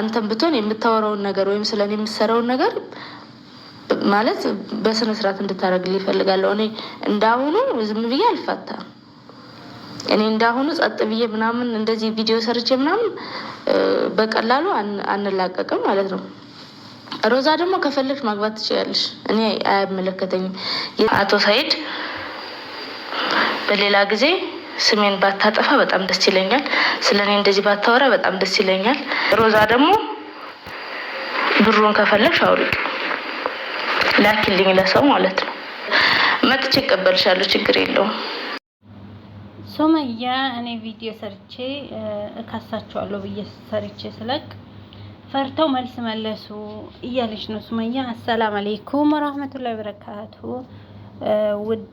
አንተም ብትሆን የምታወራውን ነገር ወይም ስለ እኔ የምትሰራውን ነገር ማለት በስነ ስርዓት እንድታደርግልኝ እኔ እንዳሁኑ ዝም ብዬ አልፋታም። እኔ እንዳሁኑ ጸጥ ብዬ ምናምን እንደዚህ ቪዲዮ ሰርቼ ምናምን በቀላሉ አንላቀቅም ማለት ነው። ሮዛ ደግሞ ከፈለግሽ ማግባት ትችላለሽ። እኔ አያመለከተኝም። አቶ ሰይድ በሌላ ጊዜ ስሜን ባታጠፋ በጣም ደስ ይለኛል። ስለ እኔ እንደዚህ ባታወራ በጣም ደስ ይለኛል። ሮዛ ደግሞ ብሩን ከፈለሽ አውሪቅ ላኪልኝ ለሰው ማለት ነው። መጥቼ እቀበልሻለሁ፣ ችግር የለውም። ሱመያ እኔ ቪዲዮ ሰርቼ እካሳችኋለሁ ብዬ ሰርቼ ስለቅ ፈርተው መልስ መለሱ እያለች ነው ሱመያ። አሰላም አሌይኩም ወራህመቱላሂ ወበረካቱ ውድ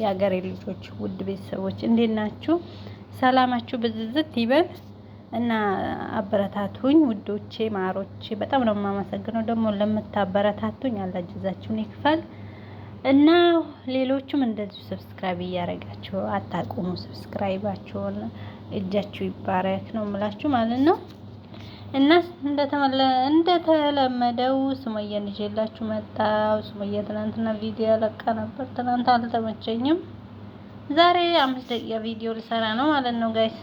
የአገሬ ልጆች ውድ ቤተሰቦች እንዴት ናችሁ? ሰላማችሁ ብዝዝት ይበል እና አበረታቱኝ ውዶቼ ማሮቼ፣ በጣም ነው የማመሰግነው። ደግሞ ለምታበረታቱኝ አላጅዛችሁን ይክፈል እና ሌሎቹም እንደዚሁ ሰብስክራይብ እያደረጋችሁ አታቁሙ። ሰብስክራይባችሁን እጃችሁ ይባረክ ነው የምላችሁ ማለት ነው። እና እንደተለመደው ሱመያን ይዤላችሁ መጣው። ሱመያ ትናንትና ቪዲዮ ያለቃ ነበር። ትናንት አልተመቸኝም። ዛሬ አምስት ደቂቃ ቪዲዮ ልሰራ ነው ማለት ነው ጋይስ።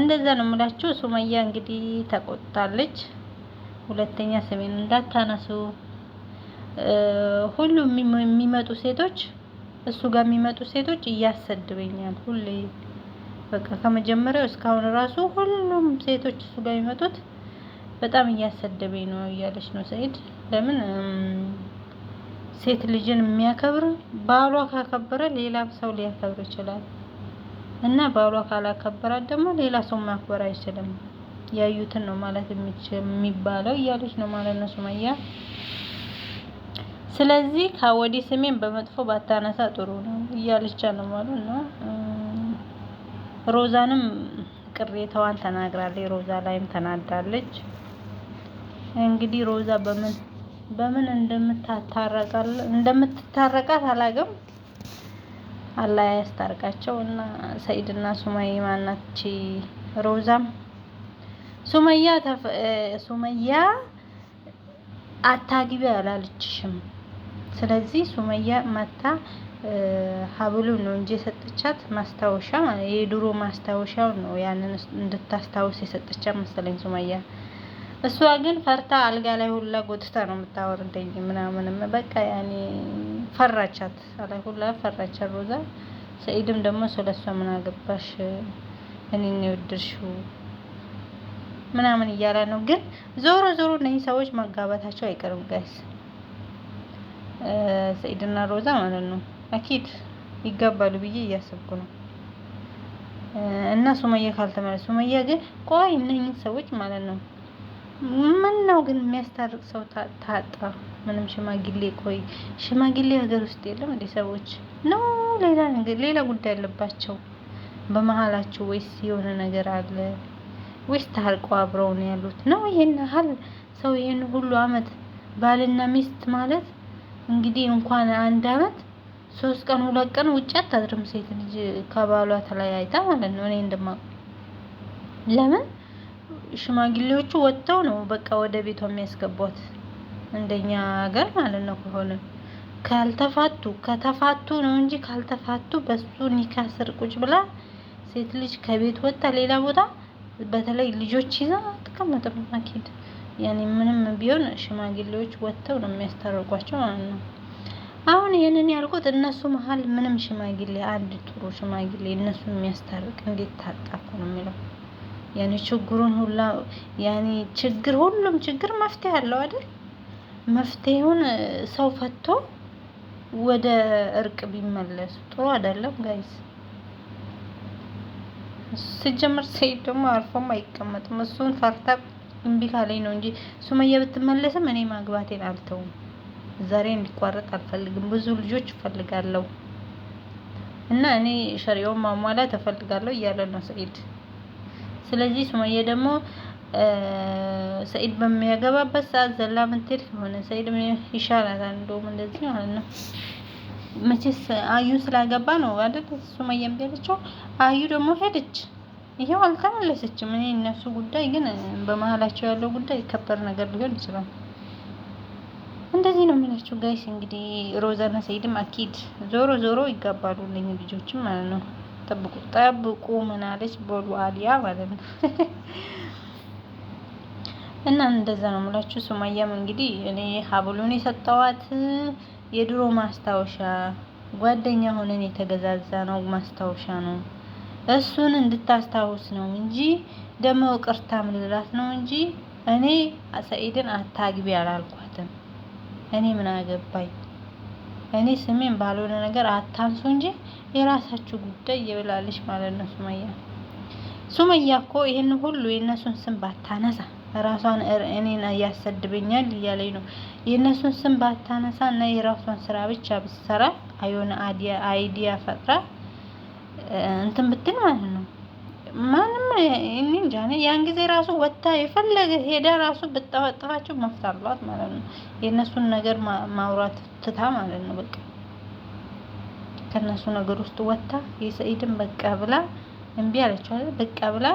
እንደዛ ነው የምላችሁ። ሱመያ እንግዲህ ተቆጣለች። ሁለተኛ ስሜን እንዳታነሱ። ሁሉም የሚመጡ ሴቶች እሱ ጋር የሚመጡ ሴቶች እያሰድበኛል ሁሌ በቃ ከመጀመሪያው እስካሁን ራሱ ሁሉም ሴቶች እሱ ጋር የሚመጡት በጣም እያሰደበኝ ነው እያለች ነው ሰኢድ። ለምን ሴት ልጅን የሚያከብር ባሏ ካከበረ ሌላ ሰው ሊያከብር ይችላል፣ እና ባሏ ካላከበራት ደግሞ ሌላ ሰው ማክበር አይችልም። ያዩትን ነው ማለት የሚባለው እያለች ነው ማለት ነው ሱመያ። ስለዚህ ከወዲህ ስሜን በመጥፎ ባታነሳ ጥሩ ነው እያለቻ ነው ማለት ነው። ሮዛንም ቅሬታዋን ተናግራለች። ሮዛ ላይም ተናዳለች። እንግዲህ ሮዛ በምን በምን እንደምታታረቃል እንደምትታረቃት አላውቅም። አላህ ያስታርቃቸው እና ሰይድና ሱመይ ማናች ሮዛም ሱመያ ሱመያ አታግቢ አላለችሽም። ስለዚህ ሱመያ መታ ሀብሉን ነው እንጂ የሰጠቻት ማስታወሻ የድሮ ማስታወሻው ነው ያንን እንድታስታውስ የሰጠቻት መሰለኝ ሱመያ። እሷ ግን ፈርታ አልጋ ላይ ሁላ ጎትታ ነው የምታወርደኝ ምናምንም በቃ ያኔ ፈራቻት፣ አላይ ሁላ ፈራቻት ሮዛ። ሰኢድም ደግሞ ስለሷ ምን አገባሽ እኔን የወደድሽው ምናምን እያለ ነው። ግን ዞሮ ዞሮ እነዚህ ሰዎች መጋባታቸው አይቀርም ጋይስ፣ ሰኢድና ሮዛ ማለት ነው። አኪድ ይጋባሉ ብዬ እያሰብኩ ነው። እና ሱመያ ካልተመለስ ሱመያ ግን ቆይ እነኝህ ሰዎች ማለት ነው ምን ነው ግን የሚያስታርቅ ሰው ታጣ። ምንም ሽማግሌ ቆይ ሽማግሌ ሀገር ውስጥ የለም እንዴ? ሰዎች ነው ሌላ ነገር ሌላ ጉዳይ አለባቸው በመሀላቸው ወይስ የሆነ ነገር አለ ወይስ ታርቆ አብረው ነው ያሉት? ነው ይሄን ያህል ሰው ይሄን ሁሉ አመት ባልና ሚስት ማለት እንግዲህ እንኳን አንድ አመት ሶስት ቀን ሁለት ቀን ውጭ አታድርም ሴት ልጅ ከባሏ ተለያይታ ማለት ነው። እኔ እንደማ ለምን ሽማግሌዎቹ ወጥተው ነው በቃ ወደ ቤቷ የሚያስገቧት እንደኛ ሀገር ማለት ነው። ከሆነ ካልተፋቱ ከተፋቱ ነው እንጂ ካልተፋቱ በሱ ኒካ ስር ቁጭ ብላ ሴት ልጅ ከቤት ወጥታ ሌላ ቦታ በተለይ ልጆች ይዛ አትቀመጥም። አኪድ ያኔ ምንም ቢሆን ሽማግሌዎች ወጥተው ነው የሚያስታርቋቸው ማለት ነው። አሁን ይህንን ያልኩት እነሱ መሀል ምንም ሽማግሌ አንድ ጥሩ ሽማግሌ እነሱን የሚያስታርቅ እንዴት ታጣፉ ነው የሚለው። ያኔ ችግሩን ሁላ ያኔ ችግር ሁሉም ችግር መፍትሄ አለው አይደል? መፍትሄውን ሰው ፈቶ ወደ እርቅ ቢመለሱ ጥሩ አይደለም ጋይስ። ሲጀመር ሰይድ ደግሞ አርፎም አይቀመጥም። እሱን ፈርታ እምቢ ካለኝ ነው እንጂ ሱመያ ብትመለስም እኔ ማግባቴን አልተውም። ዛሬ እንዲቋረጥ አልፈልግም። ብዙ ልጆች እፈልጋለሁ እና እኔ ሸሪዮን ማሟላት እፈልጋለሁ እያለ ነው ሰኢድ። ስለዚህ ሱመያ ደግሞ ሰኢድ በሚያገባበት ሰዓት ዘላ ምንትል ከሆነ ሰኢድ ይሻላታል፣ እንደውም እንደዚህ ማለት ነው። መቼስ አዩ ስላገባ ነው አይደል? ሱመያም ያለችው አዩ ደግሞ ሄደች፣ ይሄው አልተመለሰችም። እኔ እነሱ ጉዳይ ግን በመሀላቸው ያለው ጉዳይ ከበር ነገር ሊሆን ይችላል። እንደዚህ ነው የሚላቸው ጋይስ። እንግዲህ ሮዛና ሰይድም አኪድ ዞሮ ዞሮ ይጋባሉ። ለኝ ልጆችም ማለት ነው። ጠብቁ ጠብቁ፣ ምናለች በሉ አሊያ ማለት ነው። እና እንደዛ ነው የምላችሁ። ሱማያም እንግዲህ እኔ ሀብሉን የሰጠዋት የድሮ ማስታወሻ ጓደኛ ሆነን የተገዛዛ ነው ማስታወሻ ነው። እሱን እንድታስታውስ ነው እንጂ ደግሞ ቅርታ ምልላት ነው እንጂ እኔ ሰኢድን አታግቢ አላልኳት። እኔ ምን አገባኝ? እኔ ስሜን ባልሆነ ነገር አታንሱ እንጂ የራሳችሁ ጉዳይ ይብላለች ማለት ነው። ሱመያ ሱመያ እኮ ይህን ሁሉ የእነሱን ስም ባታነሳ ራሷን እኔን ያሰድበኛል እያለኝ ነው። የእነሱን ስም ባታነሳ እና የራሷን ስራ ብቻ ብትሰራ አይሆነ አይዲያ ፈጥራ እንትን ብትል ማለት ነው ማንም እኔ እንጃ ያን ጊዜ ራሱ ወታ የፈለገ ሄዳ ራሱ ብጠፈጥፋቸው መፍት ማለት ነው። የእነሱን ነገር ማውራት ትታ ማለት ነው። በቃ ከእነሱ ነገር ውስጥ ወታ የሰኢድን በቃ ብላ እምቢ አለችው። በቃ ብላ